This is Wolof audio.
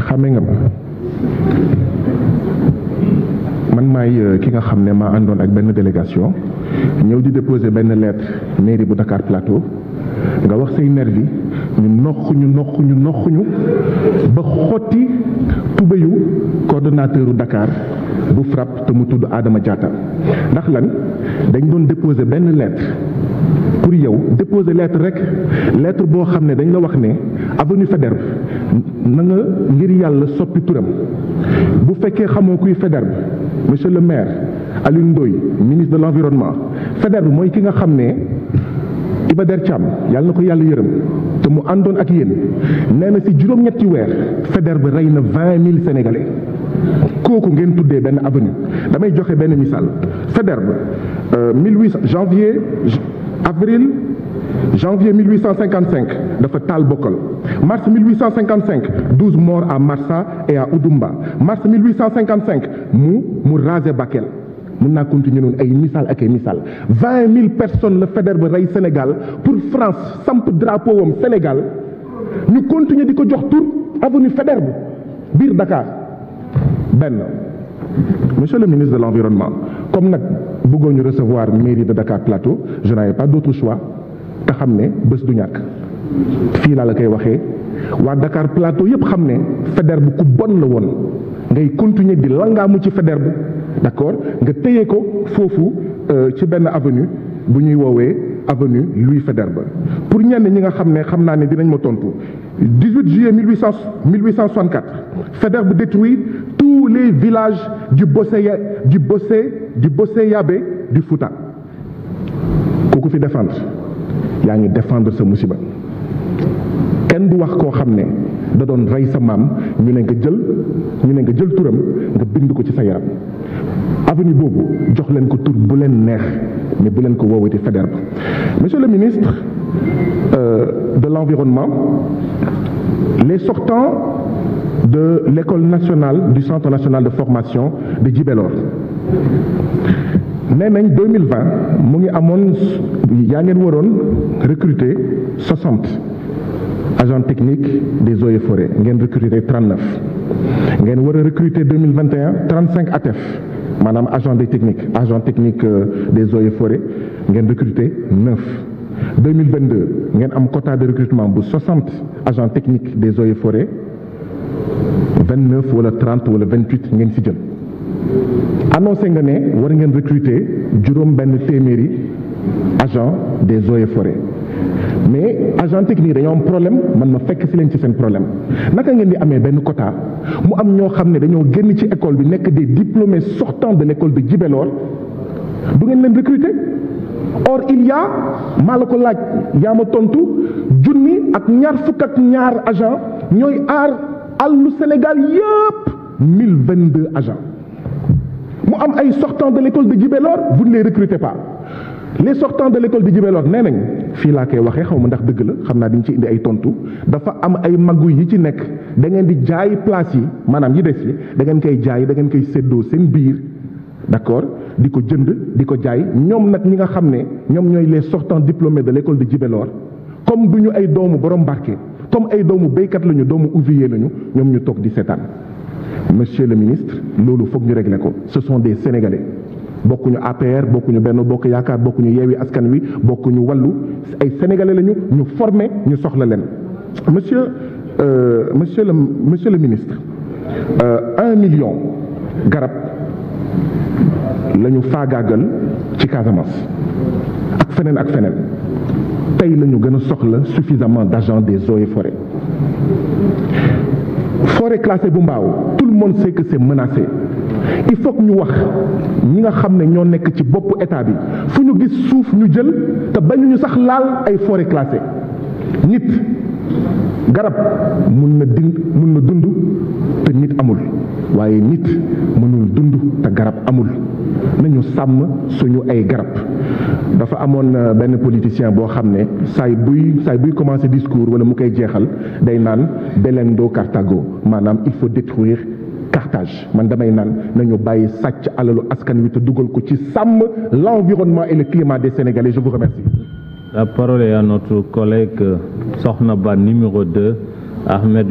xamee nga ma man may euh, ki nga xam ne ma àndoon ak benn délégation ñëw di déposer benn lettre mairie bu Dakar Plateau nga wax say nervi ñu noq ñu noq ñu noq ñu ba xotti tubayu coordonnateur u Dakar bu FRAPP te mu tudd aadama Diatta ndax lan dañ doon déposer benn lettre pour yow déposer lettre rek lettre boo xam ne dañ la wax ne avenue Faidherbe nanga ngir yàlla soppi turam bu fekkee xamoo kuy Faidherbe monsieur le maire Alioune Ndoye ministre de l'environnement Faidherbe mooy ki nga xam ne Iba Der Thiam yàlla na ko yàlla yërëm te mu àndoon ak yéen nee na si juróom-ñetti weer Faidherbe rey na vingt mille sénégalais kooku ngeen tuddee benn avenue damay joxe benn misaal Faidherbe 18 euh, janvier. avril janvier 1855 dafa taal Bokkol mars 1855 12 morts à Marsa et à Oudoumba mars 1855 mu mu rasé Bakel mën naa continuer noonu ay misaal ak ay misaal vingt mille personnes la Faidherbe rey Sénégal pour France samp drapeau wam Sénégal ñu continuer di ko jox tur avenue Faidherbe biir Dakar benn monsieur le ministre de l'environnement comme nag bëggoon ñu recevoir mairie de Dakar Plateau je n'avais pas d'autre choix te xam ne bés du ñàkk fii laa la koy waxee waa Dakar Plateau yëpp xam ne Faidherbe ku bon la woon ngay continuer di langaamu ci Faidherbe d'accord nga téye ko foofu euh, ci benn avenue bu ñuy woowee avenue Louis ba pour ñenn ñi nga xam ne xam naa ne dinañ ma tontu 18 juillet 1800 1864 Faidherbe détruit tous les villages du Bossé du Bossé du Bossé Yabé du fi défendre yaa ngi défendre sa musiba kenn bu wax koo xam ne da doon rey sa maam ñu ne nga jël ñu ne nga jël turam nga bind ko ci sa yaram avenue boobu jox leen ko tur bu leen neex mais bu leen ko woowati Faidherbe monsieur le ministre euh, de l'environnement les sortants de l'école nationale du centre national de formation de Djibelor nee nañ 2020 mu ngi amoon yaa ngeen waroon recruter 60 agents techniques des eaux et forêts ngeen recruter 39 ngeen war a recruter 2021 35 ATEF maanaam agent des techniques agent technique euh, des eaux et forêts ngeen recruter 9 2022 ngeen am quota de recrutement bu 60 agents techniques des eaux et vingt neuf wala trente wala vingt huit ngeen si jël annoncé nga ne war ngeen recruter juróom benn téeméeri agent des eaux et mais agent technique dañoo am problème man ma fekk si leen ci seen problème naka ngeen di amee benn quota mu am ñoo xam ne dañoo génn ci école bi nekk de diplômés sortant de l' école de Djibélor du ngeen leen recruter or il maa la ko laaj yaa ma tontu junni ak ñaar fukk ak ñaar agent ñooy aar. àllu Sénégal yëpp mille vingt deux agent mu am ay sortants de l'école de Djibélor vous ne les recrutez pas les sortants de l'école de Djibélor nee nañ fii laa koy waxee xaw ma ndax dëgg la xam naa di ci indi ay tontu dafa am ay maggu yi ci nekk da ngeen di jaay place yi maanaam yi des yi dangeen koy jaay da ngeen koy séddoo seen biir d'accord di ko jënd di ko jaay ñoom nag ñi nga xam ne ñoom ñooy les sortants diplômés de l'école de Djibélor comme du ñu ay doomu borom barke comme ay doomu béykat lañu doomu ouvrier lañu ñoom ñu toog di seetaan monsieur le ministre loolu foog ñu régler ko ce sont des sénégalais bokkuñu APR bokkuñu benn bokk yaakaar bokkuñu yeewi askan wi bokkuñu wàllu ay sénégalais lañu ñu formé ñu soxla leen. monsieur euh, monsieur le monsieur le ministre euh, un euh, million garab lañu faagaagal ci Casamance ak feneen ak feneen. tey lañu ñu gën a soxla suffisamment d'agents des eaux et forêts forêt classée bu mbaaw tout le monde sait que menacé il faut ñu wax ñi nga xam ne ñoo nekk ci boppu état bi fu ñu gis suuf ñu jël te bañ ñu sax laal ay forêt classée nit garab mun na din mun na dund te nit amul waaye nit mënul dund te garab amul nañu sàmm suñu ay garab dafa amoon euh, benn politicien boo xam ne saay buy saay buy commencer discours wala mu koy jeexal day naan delendo Carthago maanaam il faut détruire cartage man damay naan nañu bàyyi sàcc alalu askan wi te dugal ko ci sàmm l'environnement et le climat des Sénégalais je vous remercie. La parole est à notre collègue euh, Sokhna Ba numéro 2 Ahmed.